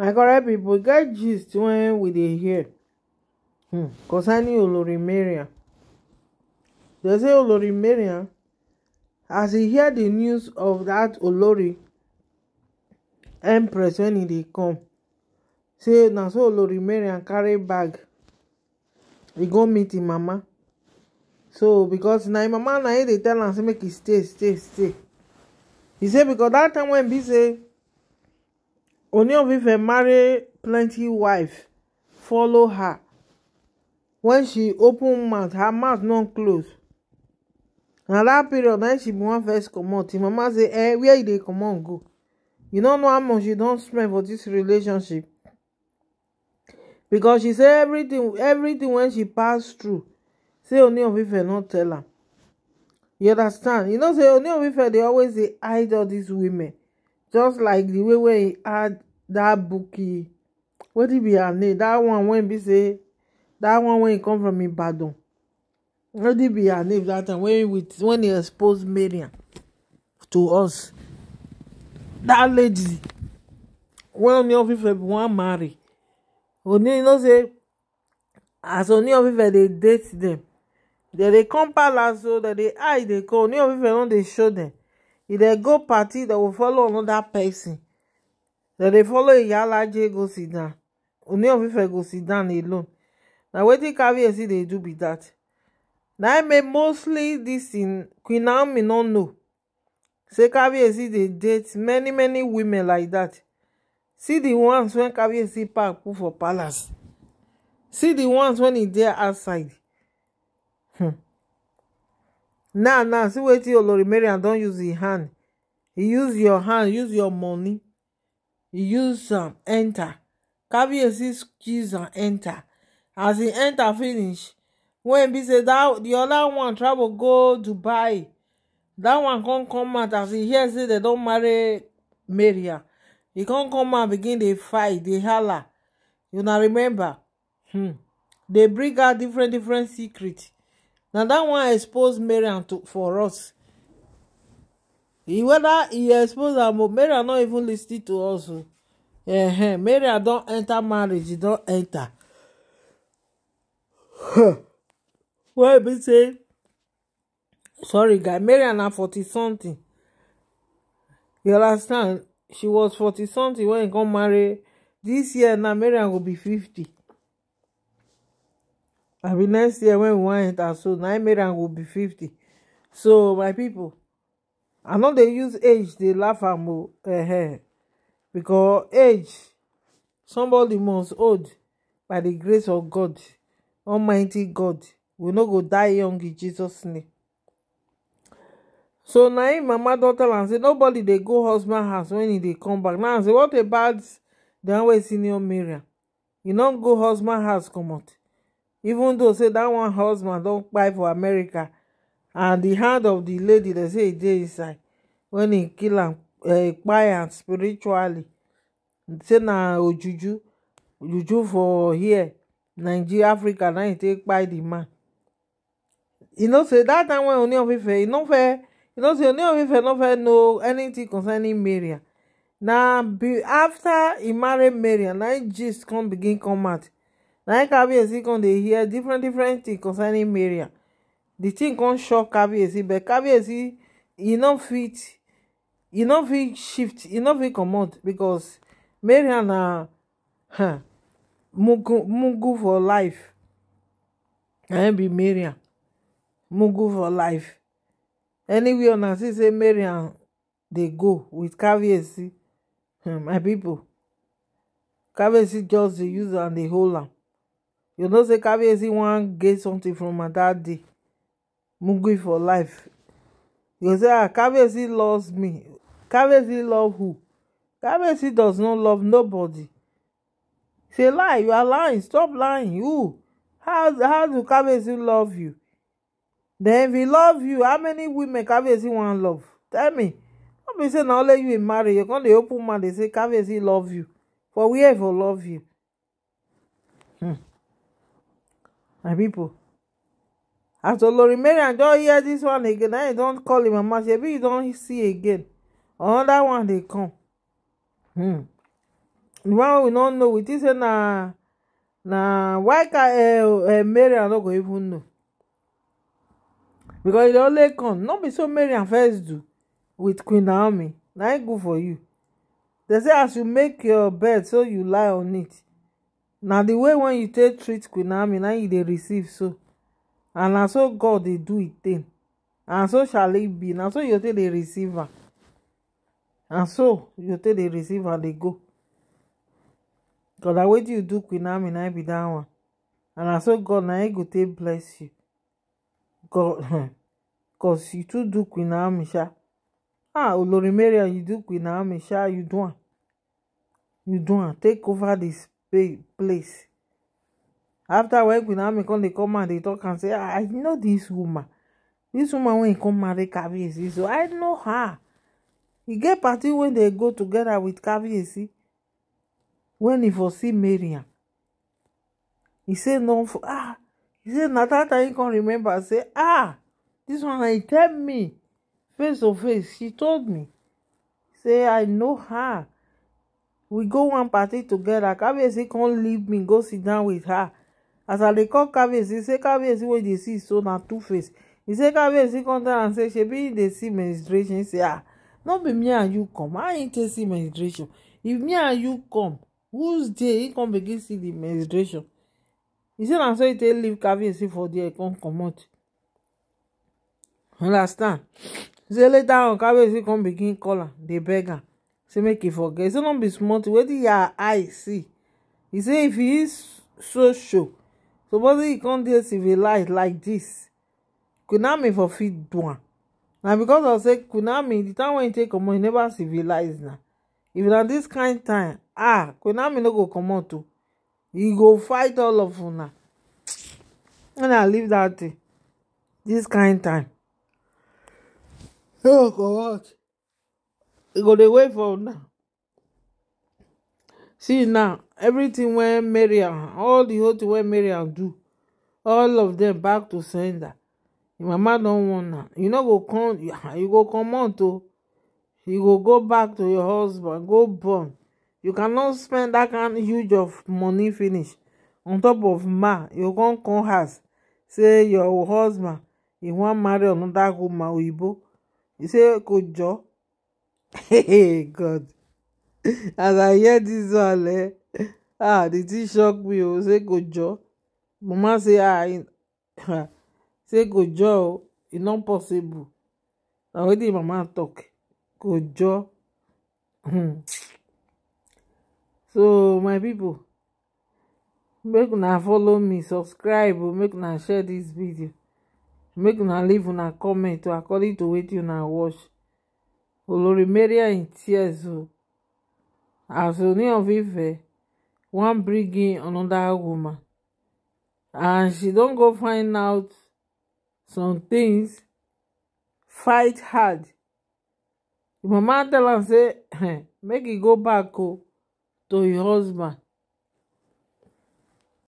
my correct pipo get gist wen we dey hear hmm, concerning olori Maria. dey say olori Maria, as he hear the news of that olori empress wen e dey come say na so olori Maria carry bag He go meet im mama so because na im mama na im dey tell am say make e stay stay stay He say because that time wen be say Ooni of Ife marry plenty wife follow her. When she open mouth, her mouth no close. Na that period na she bin wan first comot. Im mama say, "Eh, where you dey on go? You no know how much you don spend for dis relationship." Because she say everything, everything when she pass through, say Ooni of Ife not tell her. You understand? You know say Ooni of Ife they always dey hide all these women just like the way he had that bookie, what did be her name that one when be say that one when he come from ibadan wetin be her name dat time when he exposed mariam to us that lady when only of ife wan marry oni you know say as only of ife dey date them, dem dey come palace o dem dey eye dey call oni of ife no dey show them. If they go party they will follow another person. dem dey follow a iyalaje go sit down oni of ife go sit down alone Now, na wetin caviarcy they do be that? Now, im make mostly this in queen naomi no know say carry caviarcy they date many many women like that? see the ones when carry caviarcy pack put for palace see the ones when he there outside hmm now now see what wetin olori mariam don't use him hand e use your hand use your money e use am enter kabiyesi keys and enter as he enter finish When be say that the other one travel go dubai that one come come out as he hear say they don't marry Maria. He come come out begin dey fight dey You una remember hmm. They bring out different different secrets. Now that one expose to for us he whether he expose am but mariam not even lis to us o -huh. mariam don enter marriage e don't enter wey be say sorry guy mariam na 40 something you understand she was 40 something when e come marry this year Now mariam will be 50 i be next year when we want enter so na emirah will be 50 so my people, i know they use age They laugh am o eh because age somebody must old by the grace of god almighty god we no go die young in jesus name so now my mama don tell say nobody dey go husband house when e dey come back now say what about the one senior miriam e no go husband house out even though say that one husband don kpai for america and the hand of the lady they say e dey inside wen e kill am eh, kpai am spiritually say na ojuju ojuju for here nigeria africa na he take kpai the man you know say that time when oni of ife e no fair you know say oni of ife no fair know anything concerning marian na after he marry Maria, na im gist come begin come out naim caveatsi come dey hear different different things concerning maria di tin come shock caveatsi but caveatsi e no fit e no fit shift e no fit comot becos maria na mugu mugu for life can be maria mugu for life any way una see say maria dey go wit hmm, my pipo caveatsi just dey use am dey hold am. you know say kabiyesi wan get something from her that day mugu for life you say ah kabiyesi loves me kabiyesi love who kabiyesi does not love nobody say lie you are lying stop lying who how how do kabiyesi love you then if he love you how many women kabiyesi wan love tell me no be say na only you e marry you come dey open mouth dey say kabiyesi love you for where he for love you. Hmm my pipo as olorimerian don hear this one again na don't call him a mama Maybe you don't see again another one they come hmm the one we don't know we think say na na why eh, eh, marian not go even know because e only come not be so marian first do with queen naomi na e good for you They say as you make your bed so you lie on it na the way when you take treat queen army na you dey receive so and na so god dey do e thing and so shall it be na so you take dey receive am and so you take dey receive am dey go god na wetin you do queen army na be dat one and na so god na him go take bless you god cause you too do queen army sha ah olori mariam you do queen army sha you do am you do am take over dis place after weggwin army come dey come and they talk and say ah, i know this woman This woman wey come marry caviarcy so i know her He get party when they go together with caviarcy wen e for see marian he say no for ah he say na he can remember say ah this one he tell me face to face she told me say i know her we go one party togeda kabiyesi come leave me go sit down with her as i dey call kabiyesi say kabiyesi wey dey see so na two face He say kabiyesi come tell am say shebi e dey see menstruation He say ah no be me and you come how e take see menstruation if me and you come whose day he come begin see the menstruation He say na so he take leave kabiyesi for there come comot understand say later on kabiyesi come begin call am dey beg am say make you forget say no be small thing wetin your eye see He say if he is so show suppose he can't deal civilized like dis kunami for feed do am because I say kunami The time when e take comot e never civilized now. Even at this kind time ah kunami no go comot too. He go fight all of now. una I leave that, thing dis kind time no oh, comot you go dey wait for una see now everything wey maryam all the whole thing wey maryam do all of them back to sender your mama don warn am you no go come you go comot o you go go back to your husband go born you cannot spend that kind huge of money finish on top of ma you come come house say your husband e wan marry another woman oyibo He say ko jọ hey god as i hear dis one eh ah di thing shock me say go jaw mama say ah say go jaw o it's not possible na wetin mama tok go jaw so my pipo make una follow me subscribe oh. make una share dis video make una leave una comment oh, according to wetin una watch Olori Mariam in tears o as Ooni of Ife wan bring in another woman and she don go find out some things fight hard mama tell am say make he go back o to im husband